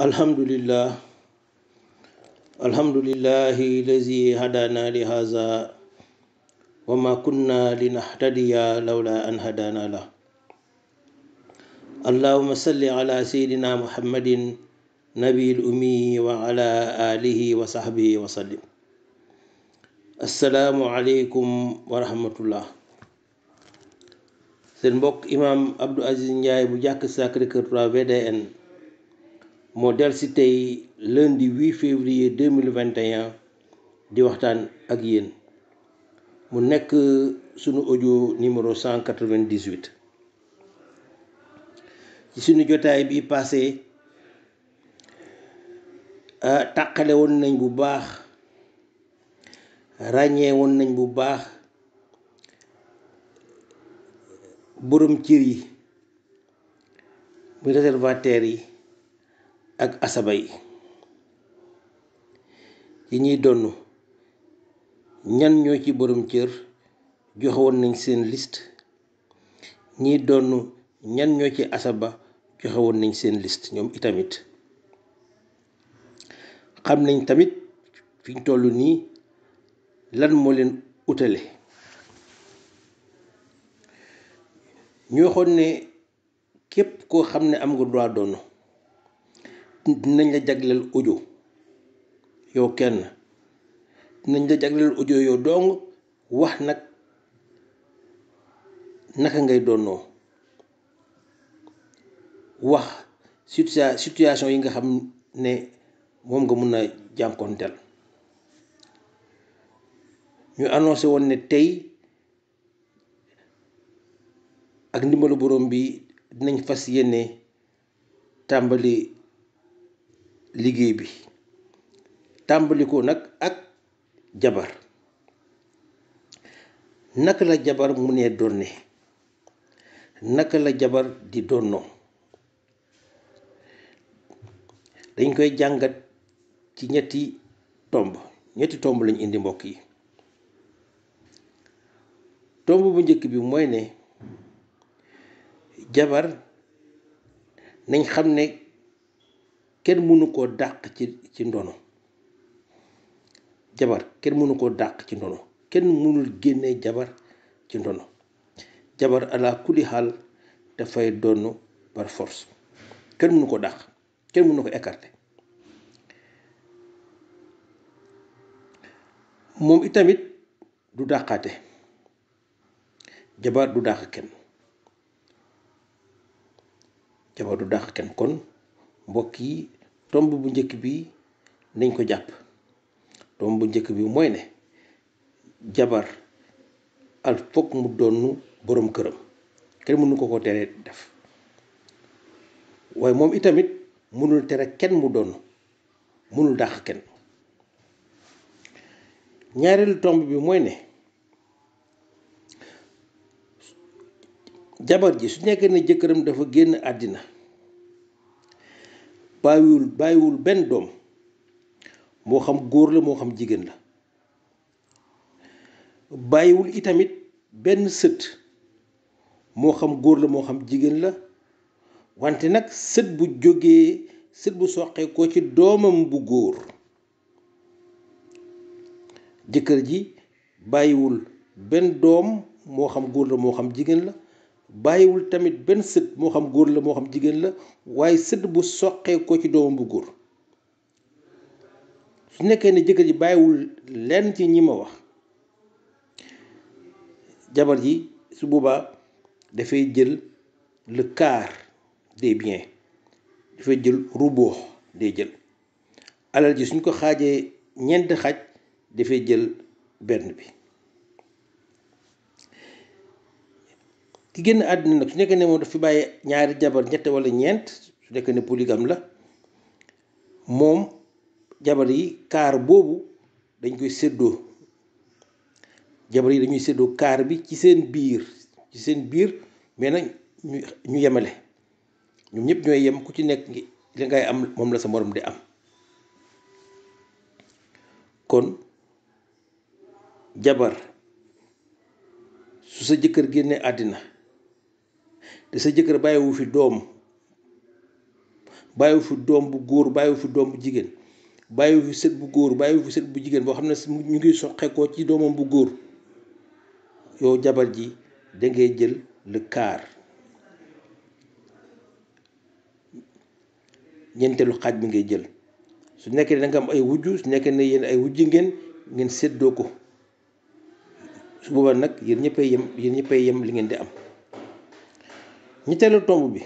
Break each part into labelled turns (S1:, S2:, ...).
S1: الحمد لله الحمد لله الذي هدانا لهذا وما كنا لنهتدي لولا أن هدانا له اللهم صل على سيدنا محمد نبي الأمي وعلى آله وصحبه وسلم السلام عليكم ورحمة الله سنبوك إمام عبد العزيز aziz ndiaye bu jàkk Sacré-Cœur 3 VDN moo del si tey lundi 8 février 2021 di waxtaan ak yéen mu nekk sunu audio numéro 198 ci sunu jotaay bi passé ah, tàqale woon nañ bu baax ràññee woon nañ bu baax boroom cër yi mu réservataire yi ak asaba yi yi ñuy donn ñan ñoo ci boroom cër joxewoon nañ seen list ñi donn ñan ñoo ci asaba joxewoon nañ seen list ñoom itamit xam nañ tamit fiñ toll nii lan moo leen utale ñu waxoon ne képp koo xam ne am nga droit donn dinañ la jagleel audio yow kenn dinañ la jagleel audio yow dong wax nag naka ngay doonoo wax situa situation yi nga xam ne moom nga mun a jànkoonteel ñu annoncé woon ne tey ak ndimbalu borom bi dinañ fas yéene tàmbali liggéey bi tàmbaliko nag ak jabar naka la jabar mu ne donne naka la jabar di donnoo dañ koy jàngat ci ñetti tomb ñetti tomb lañu indi mbokk yi tomb bu njëkk bi mooy ne jabar nañ xam ne kenn mënu ko dàq ci ci ndono jabar kenn mënu ko dàq ci ndono kenn mënul génne jabar ci ndono jabar ala kulli xaal dafay donn par force kenn mënu ko dàq kenn mënu ko écarter moom itamit du dàqaate jabar du dàq kenn jabar du dàq kenn kon mbokk yi tomb bu njëkk bi nañ ko jàpp tomb bu njëkk bi mooy ne jabar al foog mu donn boroom këram kenn mënu ko ko teree def waaye moom itamit mënul tere kenn mu donn mënul dàq kenn ñaareelu tomb bi mooy ne jabar ji su nekkee ne jëkkëram dafa génn àddina bàyyiwul bàyyiwul benn doom moo xam góor la moo xam jigéen la bàyyiwul itamit benn sët moo xam góor la moo xam jigéen la wante nag sët bu jógee sët bu soqee ko ci doomam bu góor jëkkër ji bàyyiwul benn doom moo xam góor la moo xam jigéen la bàyyiwul tamit benn sët moo xam góor la moo xam jigéen la waaye sët bu soqee ko ci doomam bu góor su nekkee ne jëkkër ji bàyyiwul lenn ci ñi ma wax jabar ji su boobaa dafay jël le quart des biens dafay jël ruboox day jël alal ji suñ ko xaajee ñeenti xaj dafay jël benn bi ki génn àddina nag su nekkee ne moom daf fi bàyyi ñaari jabar ñett wala ñeent su nekkee ne polygame la moom jabar yi kaar boobu dañ koy séddoo jabar yi dañuy séddoo kaar bi ci seen biir ci seen biir mais nag ñu ñu yemale ñoom ñëpp ñooy yem ku ci nekk li ngay am moom la sa morom di am kon jabar su sa jëkkër génnee àddina te sa jëkkër bàyyiwu fi doom bàyyiwu fi doom bu góor bàyyiwu fi doom bu jigéen bàyyiwu fi sët bu góor bàyyiwu fi sët bu jigéen boo xam ne si ñu ngi soqeekoo ci doomam bu góor yow jabar ji da jël le quart ñeenteelu xaaj bi ngay jël su nekkee da nga am ay wujj su nekkee ne yéen ay wujj ngeen ngeen séddoo ko su boobaa nag yéen ñëppay yem yéen ñëppay yem li ngeen di am. ñetteelu tomb bi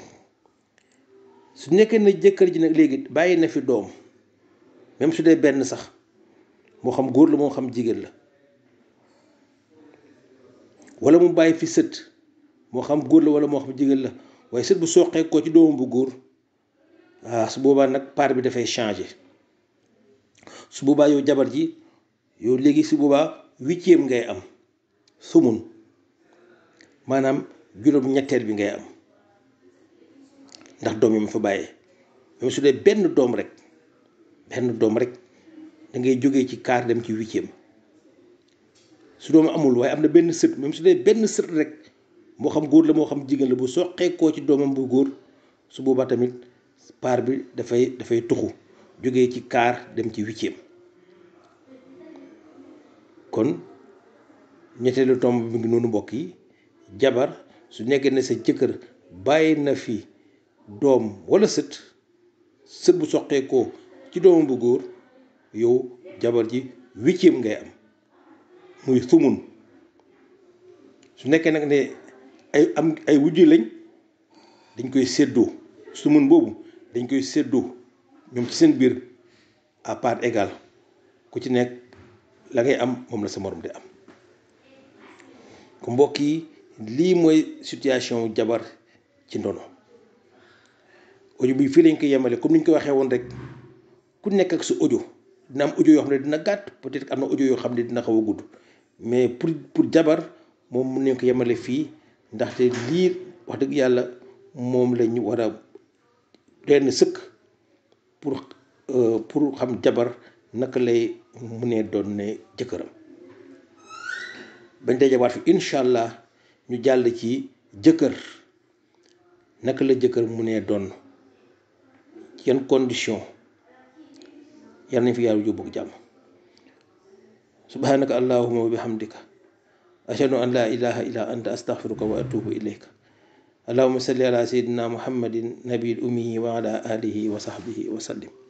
S1: su nekkee na jëkkër ji nag léegi bàyyi na fi doom même su dee benn sax moo xam góor la moo xam jigéen la wala mu bàyyi fi sët moo xam góor la wala moo xam jigéen la waaye sët bu soqee koo ci doomam bu góor ah su boobaa nag part bi dafay changer su boobaa yow jabar ji yow léegi su boobaa huitième ngay am sumun maanaam juróom ñetteel bi ngay am ndax doom yi mu fa bàyyee même su dee benn doom rek benn doom rek dangay jóge ci kaar dem ci huitième su doom amul waaye am na benn sët moom su dee benn sët rek moo xam góor la moo xam jigéen la bu soqee koo ci doomam bu góor su boobaa tamit part bi dafay dafay tuxu jóge ci kaar dem ci huitième kon ñetteelu tomb bi ngi noonu mbokk yi jabar su nekkee ne sa jëkkër bàyyi na fi doom wala sët sët bu soqeekoo ci doomam bu góor yow jabar ji huitième ngay am muy sumun su nekkee nag ne ay am ay wujj lañ dañ koy séddoo sumun boobu dañ koy séddoo ñoom ci seen biir à part égale ku ci nekk la ngay am moom la sa morom di am ku mbokk yi lii mooy situation jabar ci ndono audio bi fii lañ ko yemale comme ni ñu ko waxee woon rek ku nekk ak sa audio dina am audio yoo xam ne dina gàtt peut-être am na audio yoo xam ne dina xaw a gudd mais pour pour jabar moom mun nañ yemale fii ndaxte lii wax dëgg yàlla moom la ñu war a lenn sëkk pour euh, pour xam jabar naka lay munee doon ne jëkkëram bañ dajawaat fi incha allah ñu jàll ci jëkkër naka la jëkkër munee doon. yan condition yal nañ fi yàlla yóbbu jàmm subhanaka allahuma wa bihamdika ashhadu an laa ilaha illa anta astaghfiruka wa atubu ilayka allahuma salli ala sayyidina muhammadin nabil ummiyi wa ala wa sahbihi wa sallim